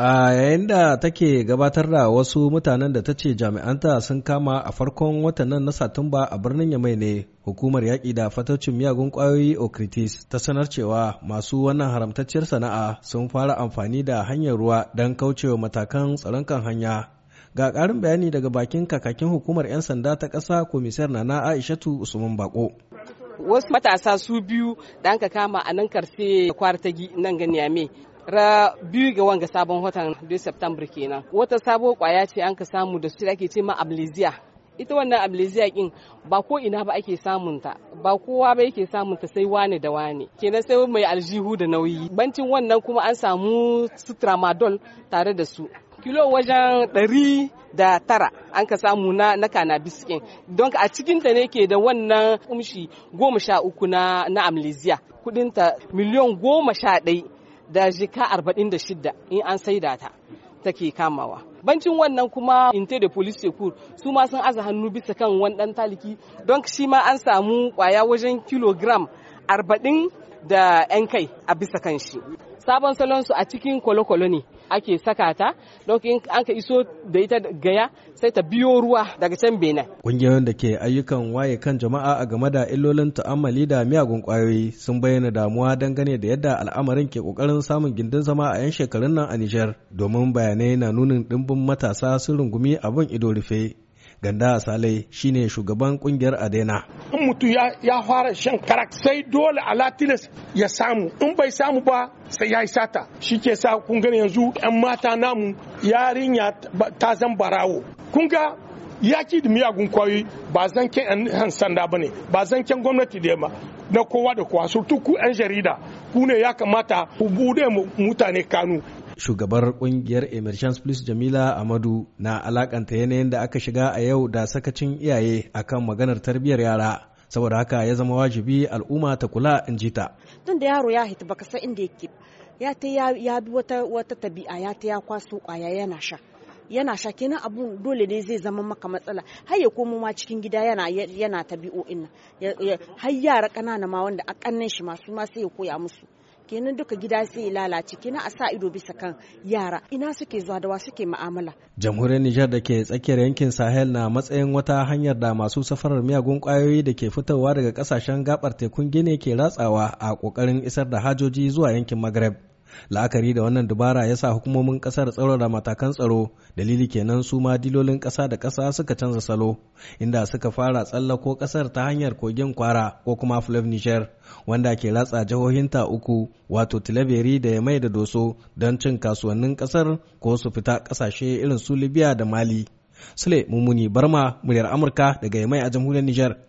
a yayin da take gabatar da wasu mutanen da ta ce jami'anta sun kama a farkon watan nan na satumba a birnin yamai ne hukumar yaƙi da fatocin miyagun ƙwayoyi okritis ta sanar cewa masu wannan haramtacciyar sana'a sun fara amfani da hanyar ruwa don kaucewa matakan tsaron kan hanya ga ƙarin bayani daga bakin kakakin hukumar 'yan sanda ta ƙasa komisar nana aishatu usman bako wasu matasa su biyu da an ka kama a nan karfe kwartagi nan ga niyame ra biyu ga wanga sabon watan da september kenan wata sabo kwaya ce an ka samu da su ake ce ma amlesia ita wannan amlesia kin ba ko ina ba ake samun ta ba kowa ba yake samun ta sai wane da wane kenan sai mai aljihu da nauyi bancin wannan kuma an samu su tramadol tare da su kilo wajen ɗari da tara an ka samu na, na cannabis ɗin don a cikinta ne ke da wannan kumshi goma sha uku na, na amlesia ta miliyan goma sha ɗaya da jika 46 in an saida ta take kamawa bancin wannan kuma inte da police secure su ma sun aza hannu bisa kan wani dan taliki don shi ma an samu kwaya wajen kilogram 40 da 'yan kai a bisa kan shi sabon salon su a cikin kwalokwalo ne ake saka ta dokin an ka iso da ita gaya sai ta biyo ruwa daga can benin ƙungiyoyin da ke ayyukan waye kan jama'a a game da illolin ta'ammali da miyagun kwayoyi sun bayyana damuwa dangane da yadda al'amarin ke ƙoƙarin samun gindin zama a 'yan shekarun nan a nijar domin bayanai na nunin ɗimbin matasa sun rungumi abin ido rufe Ganda Salai shine shugaban kungiyar Adena. In mutum ya fara shan karak sai dole a ya samu in bai samu ba sai ya yi sata shi ke sa kun yanzu 'yan mata namu yarinya ta zan barawo. Kun ga yaki da miyagun kwayoyi ba zanken 'yan sanda ba ne ba zanken gwamnati da ba na kowa da kowa surtu ku 'yan jarida ku ne ya kamata ku bude mutane kanu shugabar kungiyar emergence plus jamila amadu na alakanta yanayin da aka shiga a yau da sakacin iyaye akan maganar tarbiyyar yara saboda haka ya zama wajibi al'umma ta kula in ji ta tun da yaro ya hita baka san inda yake ya ta ya bi wata wata tabi'a ya ta ya kwaso kwaya yana sha yana sha kenan abu dole ne zai zama maka matsala har ya komo ma cikin gida yana yana tabi'o'in nan har yara ƙanana ma wanda a kannan shi masu ma sai ya koya musu kenan duka gida sai lalace kenan a sa ido bisa kan yara ina suke zuwa da wa suke mu'amala jamhuriyar Nijar da ke tsakiyar yankin Sahel na matsayin wata hanyar da masu safarar miyagun kwayoyi da ke fitowa daga kasashen gabar tekun Gine ke ratsawa a kokarin isar da hajoji zuwa yankin Maghreb la'akari da wannan dubara ya sa hukumomin kasar tsaurara matakan tsaro dalili kenan su ma dilolin kasa da kasa suka canza salo inda suka fara tsallako kasar ta hanyar kogin kwara ko kuma flav niger wanda ke ratsa jihohinta uku wato tilaberi da ya da doso don cin kasuwannin kasar ko su fita kasashe irin su libya da mali sule mummuni barma muryar amurka daga yamai a jamhuriyar niger